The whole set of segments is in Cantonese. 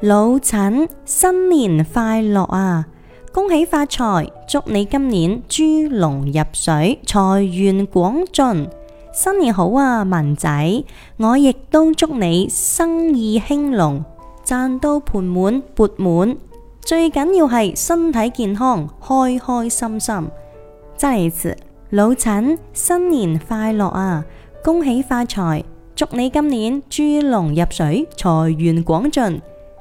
老陳，新年快樂啊！恭喜發財，祝你今年豬籠入水，財源廣進。新年好啊，文仔，我亦都祝你生意興隆，賺到盆滿缽滿。最緊要係身體健康，開開心心。再嚟一次，老陳，新年快樂啊！恭喜發財，祝你今年豬籠入水，財源廣進。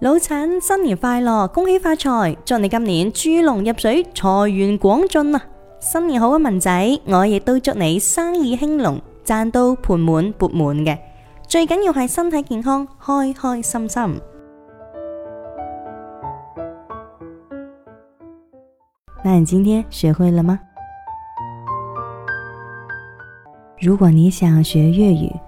老陳新年快樂，恭喜發財！祝你今年豬籠入水，財源廣進啊！新年好啊，文仔，我亦都祝你生意興隆，賺到盆滿鉢滿嘅。最緊要係身體健康，開開心心。那你今天學會了嗎？如果你想學粵語。